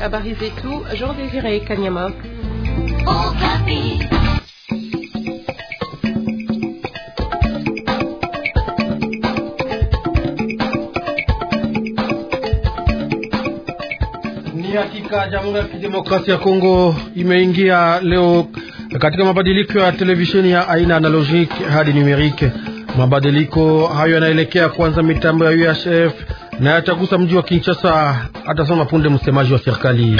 Habari zetu Jean Kanyama. Ni hakika Jamhuri ya Kidemokrasia ya Kongo imeingia leo katika mabadiliko ya televisheni ya aina analogique hadi numerique. Mabadiliko hayo yanaelekea kwanza mitambo ya UHF na atagusa mji wa Kinshasa, atasema punde msemaji wa serikali.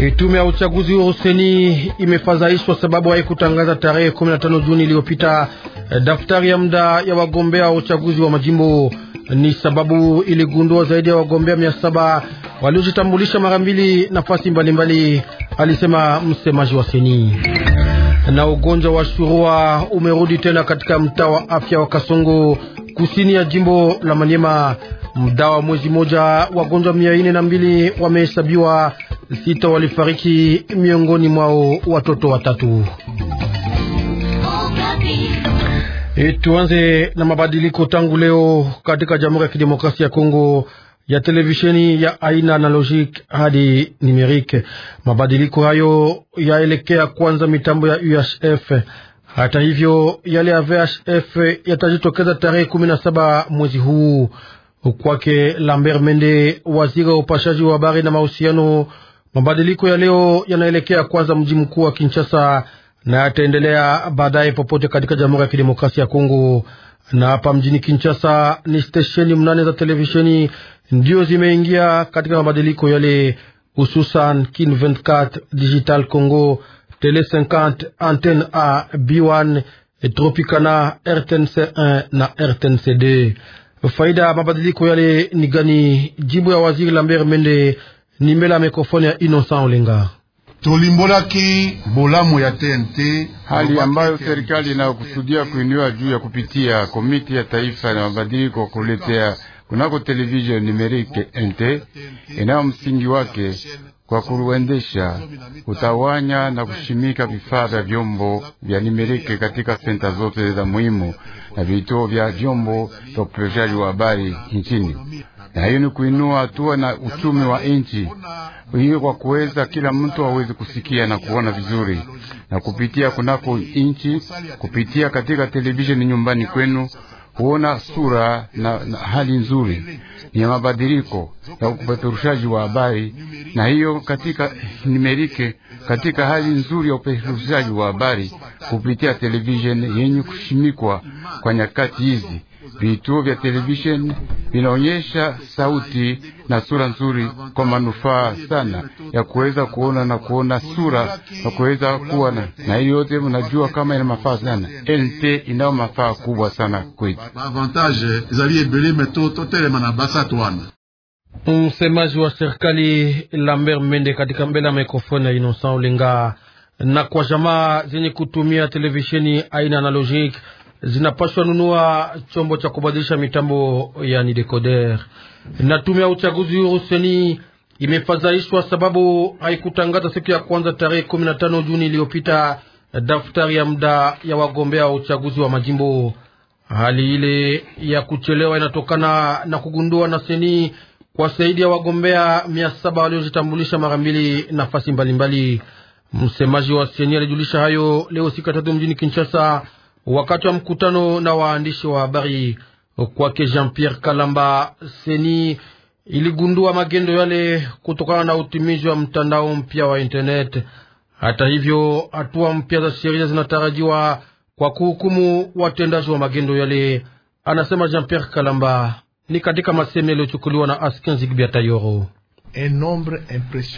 E, tume ya uchaguzi huru seni imefadhaishwa sababu haikutangaza tarehe 15 Juni iliyopita e, daftari ya muda ya wagombea wa uchaguzi wa majimbo. Ni sababu iligundua zaidi ya wagombea mia saba waliojitambulisha mara mbili nafasi mbalimbali, alisema msemaji wa seni. Na ugonjwa wa shurua umerudi tena katika mtaa wa afya wa Kasongo kusini ya jimbo la Manyema. Muda wa mwezi moja wagonjwa mia ine na mbili wamehesabiwa, sita walifariki, miongoni mwao watoto watatu. E, tuanze na mabadiliko tangu leo katika Jamhuri ya Kidemokrasia ya Kongo ya televisheni ya aina analogique hadi numerique. Mabadiliko hayo yaelekea kwanza mitambo ya UHF. Hata hivyo, yale ya VHF yatajitokeza tarehe kumi na saba mwezi huu. Kwake Lambert Mende, waziri wa upashaji wa habari na mahusiano, mabadiliko ya leo yanaelekea kwanza mji mkuu wa Kinshasa na yataendelea baadaye popote katika Jamhuri ya Kidemokrasia ya Kongo. Na hapa mjini Kinshasa ni stesheni mnane za televisheni ndio zimeingia katika mabadiliko yale, hususan Kin 24 Digital Congo, Tele 50, Antenne A, B1, Tropicana, RTNC1 na RTNC2. Faida mabadiliko yale ni gani? Jibu ya waziri Lambert Mende ni mbele ya mikrofoni ya Innocent Olenga. Tulimbolaki bolamu ya TNT, hali ambayo serikali inakusudia kuinua juu ya kupitia komiti ya taifa na mabadiliko kuletea kunako televisheni numerique NT inayo msingi wake kwa kuruendesha, kutawanya na kushimika vifaa vya vyombo vya nimerike katika senta zote za muhimu na vituo vya vyombo vya upepeshaji wa habari nchini, na hiyo ni kuinua hatua na uchumi wa nchi hiyo, kwa kuweza kila mtu aweze kusikia na kuona vizuri, na kupitia kunako nchi, kupitia katika televisheni nyumbani kwenu huona sura na, na hali nzuri ni ya mabadiliko ya upeperushaji wa habari, na hiyo katika nimerike, katika hali nzuri ya upeperushaji wa habari kupitia televisheni yenye kushimikwa kwa nyakati hizi vituo vya televisheni vinaonyesha sauti na sura nzuri kwa manufaa sana ya kuweza kuona na kuona sura na kuweza kuwa na, na hiyo yote mnajua kama ina mafaa sana. NT inayo mafaa kubwa sana kwetu. Msemaji wa serikali Lambert Mende katika mbele ya mikrofoni ya Innocent Olenga na kwa jamaa zenye kutumia televisheni aina analogique zinapashwa nunua chombo cha kubadilisha mitambo yani decoder. Na tume ya uchaguzi huru seni imefadhaishwa sababu haikutangaza siku ya kwanza tarehe 15 Juni iliyopita eh, daftari ya muda ya wagombea wa uchaguzi wa majimbo. Hali ile ya kuchelewa inatokana na kugundua na seni kwa zaidi ya wagombea mia saba waliojitambulisha mara mbili nafasi mbalimbali. Msemaji wa seni alijulisha hayo leo siku ya tatu mjini Kinshasa wakati wa mkutano na waandishi wa habari. Kwake Jean-Pierre Kalamba, seni iligundua magendo yale kutokana na utimizi wa mtandao mpya wa internet. Hata hivyo, hatua mpya za sheria zinatarajiwa kwa kuhukumu watendaji wa magendo yale, anasema Jean-Pierre Kalamba. Ni katika maseme yaliyochukuliwa na Askenzigbia Tayoro. E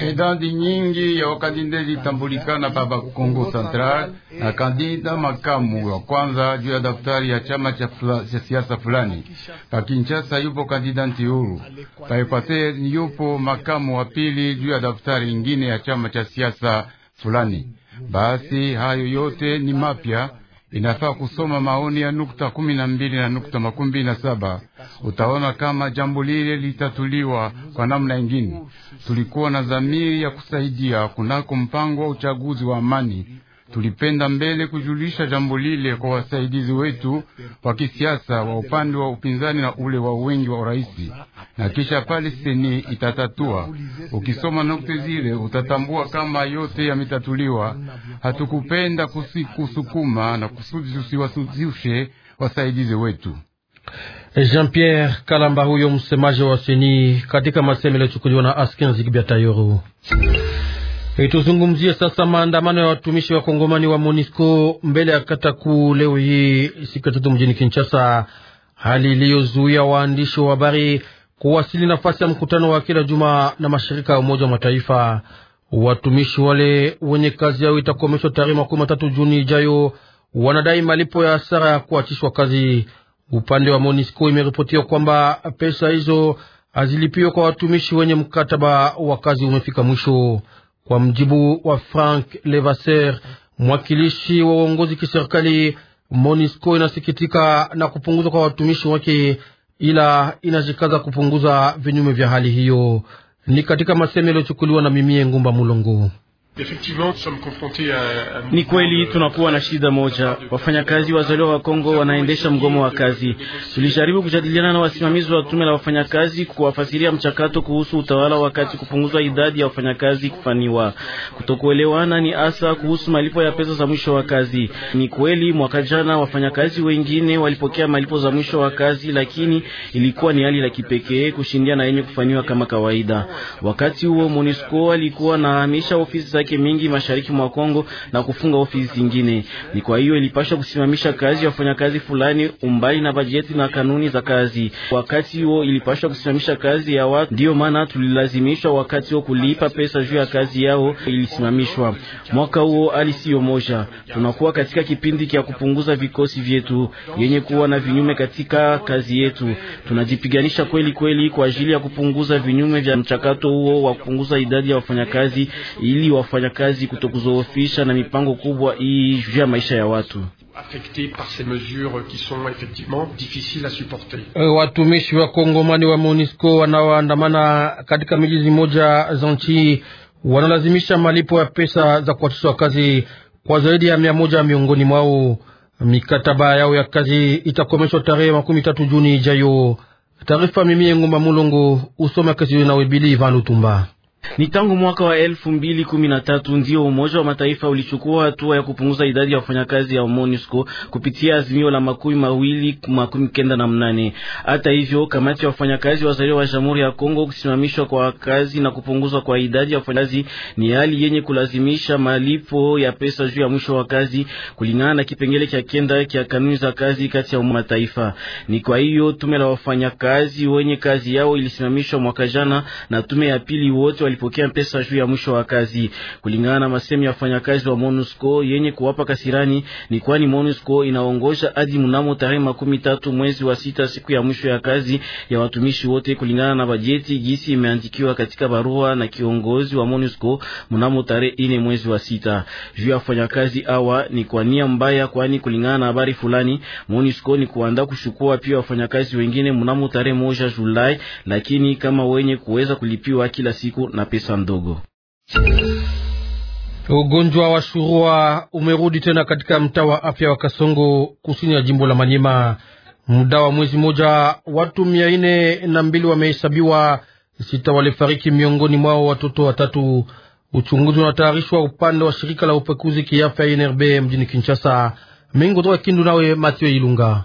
e idadi e nyingi ya wakandida ilitambulikana papa Kongo Central na kandida makamu wa kwanza juu ya daftari ya chama cha, fula, cha siasa fulani. Pa Kinshasa yupo kandida Ntiuru, pa Ekwateri yupo makamu wa pili juu ya daftari ingine ya chama cha siasa fulani. Basi hayo yote ni mapya inafaa kusoma maoni ya nukta kumi na mbili na nukta makumi mbili na saba. Utaona kama jambo lile litatuliwa kwa namna ingine. Tulikuwa na dhamiri ya kusaidia kunako mpango wa uchaguzi wa amani Tulipenda mbele kujulisha jambo lile kwa wasaidizi wetu wa kisiasa wa upande wa upinzani na ule wa wengi wa uraisi, na kisha pale seni itatatua. Ukisoma nukte zile utatambua kama yote yametatuliwa. Hatukupenda kusikusukuma na kusudi tusiwasuzishe wasaidizi wetu. Jean Pierre Kalamba, huyo msemaji wa seni katika masemi yaliyochukuliwa na Askenzi Tuzungumzie sasa maandamano ya watumishi wa kongomani wa MONUSCO mbele ya kata kuu leo hii siku ya tatu mjini Kinshasa, hali iliyozuia waandishi wa habari kuwasili nafasi ya mkutano wa kila juma na mashirika ya Umoja wa Mataifa. Watumishi wale wenye kazi yao itakomeshwa tarehe makumi matatu Juni ijayo wanadai malipo ya hasara ya kuachishwa kazi. Upande wa MONUSCO imeripotiwa kwamba pesa hizo hazilipiwe kwa watumishi wenye mkataba wa kazi umefika mwisho. Kwa mjibu wa Frank Levasseur, mwakilishi wa uongozi kiserikali, Monisco inasikitika na kupunguza kwa watumishi wake, ila inajikaza kupunguza vinyume vya hali hiyo. Ni katika maseme yaliyochukuliwa na Mimie Ngumba Mulongo. Ni kweli tunakuwa na shida moja. Wafanyakazi wazaliwa wa Kongo wanaendesha mgomo wa kazi. Tulijaribu kujadiliana na wasimamizi wa tume la wafanyakazi kuwafasiria mchakato kuhusu utawala wakati kupunguzwa idadi ya wafanyakazi kufaniwa. Kutokuelewana ni hasa kuhusu malipo ya pesa za mwisho wa kazi. Ni kweli mwaka jana wafanyakazi wengine walipokea malipo za mwisho wa kazi, lakini ilikuwa ni hali la kipekee kushindia na yenye kufaniwa kama kawaida. Wakati huo MONUSCO alikuwa nahamisha ofisi zake mingi mashariki mwa Kongo na kufunga ofisi zingine. Ni kwa hiyo ilipasha kusimamisha kazi ya wafanyakazi fulani umbali na bajeti na kanuni za kazi. Wakati huo ilipasha kusimamisha kazi ya watu, ndiyo maana tulilazimishwa wakati huo kulipa pesa juu ya kazi yao ilisimamishwa. Mwaka huo hali siyo moja, tunakuwa katika kipindi cha kupunguza vikosi vyetu yenye kuwa na vinyume katika kazi yetu. Tunajipiganisha kweli kweli kwa ajili ya kupunguza vinyume vya mchakato huo wa kupunguza idadi ya wafanyakazi ili waf kufanya kazi kutokuzoofisha na mipango kubwa hii juu ya maisha ya watu affectés par ces mesures qui sont effectivement difficiles à supporter. Euh, watumishi wa Kongomani wa MONUSCO wanaoandamana katika miji moja za nchi wanalazimisha malipo ya pesa za kuachishwa kazi kwa zaidi ya mia moja miongoni mwao. Mikataba yao ya kazi itakomeshwa tarehe makumi tatu Juni ijayo. Taarifa mimi Ngoma Mulongo usoma kazi na Webili Ivan Lutumba. Ni tangu mwaka wa elfu mbili kumi na tatu ndio Umoja wa Mataifa ulichukua hatua ya kupunguza idadi ya wafanyakazi ya MONUSCO kupitia azimio la makumi mawili makumi kenda na mnane. Hata hivyo, kamati ya wafanyakazi wazaliwa wa Jamhuri ya Kongo, kusimamishwa kwa kazi na kupunguzwa kwa idadi ya wafanyakazi ni hali yenye kulazimisha malipo ya pesa juu ya mwisho wa kazi kulingana na kipengele cha kenda cha kanuni za kazi kati ya Umoja wa Mataifa. Ni kwa hiyo tume la wafanyakazi wenye kazi yao ilisimamishwa mwaka jana na tume ya pili wote walipokea pesa juu ya mwisho wa kazi, kulingana na masemi ya wafanyakazi wa MONUSCO yenye kuwapa kasirani. Ni kwani MONUSCO inaongoza hadi mnamo tarehe makumi tatu mwezi wa sita, siku ya mwisho ya kazi ya watumishi wote, kulingana na bajeti gisi imeandikiwa katika barua na kiongozi wa MONUSCO mnamo tarehe ine mwezi wa sita. Juu ya wafanyakazi hawa ni kwa nia mbaya, kwani kulingana na habari fulani MONUSCO ni kuandaa kushukua pia wafanyakazi wengine mnamo tarehe moja Julai, lakini kama wenye kuweza kulipiwa kila siku na na pesa ndogo. Ugonjwa wa shurua umerudi tena katika mtaa wa afya wa Kasongo kusini ya jimbo la Manyema. Muda wa mwezi moja watu mia nne na mbili wamehesabiwa, sita walifariki, miongoni mwao watoto watatu. Uchunguzi unatayarishwa upande wa shirika la upekuzi kiafya INRB mjini Kinshasa. Mengi kutoka Kindu, nawe Mathieu Ilunga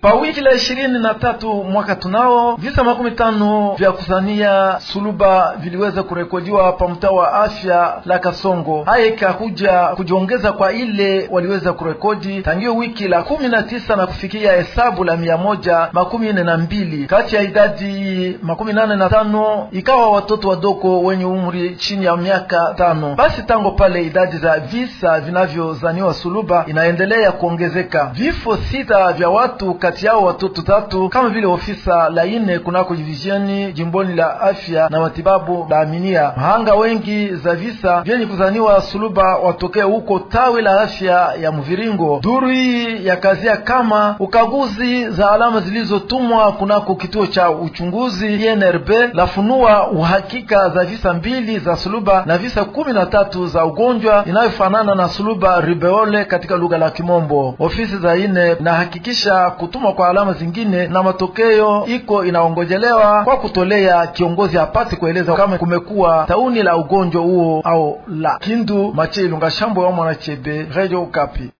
pa wiki la ishirini na tatu mwaka tunao visa makumi tano vya kusania suluba viliweza kurekodiwa pa mtaa wa afya la Kasongo. Haya ikakuja kujiongeza kwa ile waliweza kurekodi tangio wiki la kumi na tisa na kufikia hesabu la mia moja makumi nne na mbili kati ya idadi makumi nane na tano ikawa watoto wadogo wenye umri chini ya miaka tano. Basi tango pale idadi za visa vinavyozaniwa suluba inaendelea kuongezeka. Vifo sita vya watu kati kati yao watoto tatu kama vile ofisa la ine kunako divisioni jimboni la afya na matibabu la Aminia. Mahanga wengi za visa vyenye kuzaniwa suluba watokee huko tawi la afya ya Mviringo. Duru hii ya kazia kama ukaguzi za alama zilizotumwa kunako kituo cha uchunguzi INRB lafunua uhakika za visa mbili za suluba na visa kumi na tatu za ugonjwa inayofanana na suluba ribeole katika lugha la Kimombo. Ofisi za ine nahakikisha kutu kutumwa kwa alama zingine na matokeo iko inaongojelewa kwa kutolea kiongozi apate kueleza kama kumekuwa tauni la ugonjwa huo au la. Kindu Mache Ilunga Shambo wa Mwanachebe, Radio Okapi.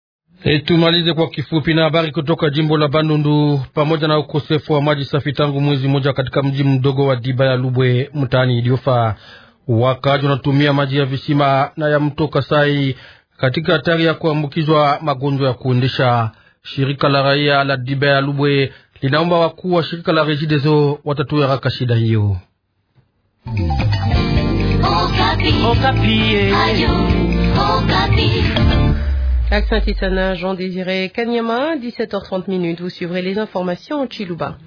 E, tumalize kwa kifupi na habari kutoka jimbo la Bandundu. Pamoja na ukosefu wa maji safi tangu mwezi mmoja katika mji mdogo wa Diba ya Lubwe mtaani Idiofa, wakaji wanatumia maji ya visima na ya mto Kasai katika hatari ya kuambukizwa magonjwa ya kuendesha. Shirika la raia la Dibe ya Lubwe linaomba wakuu wa shirika la Regideso watatue haraka shida hiyo. Asante eh. sana Jean Désiré Kanyama, 17h30 minutes. Vous suivrez les informations en Chiluba.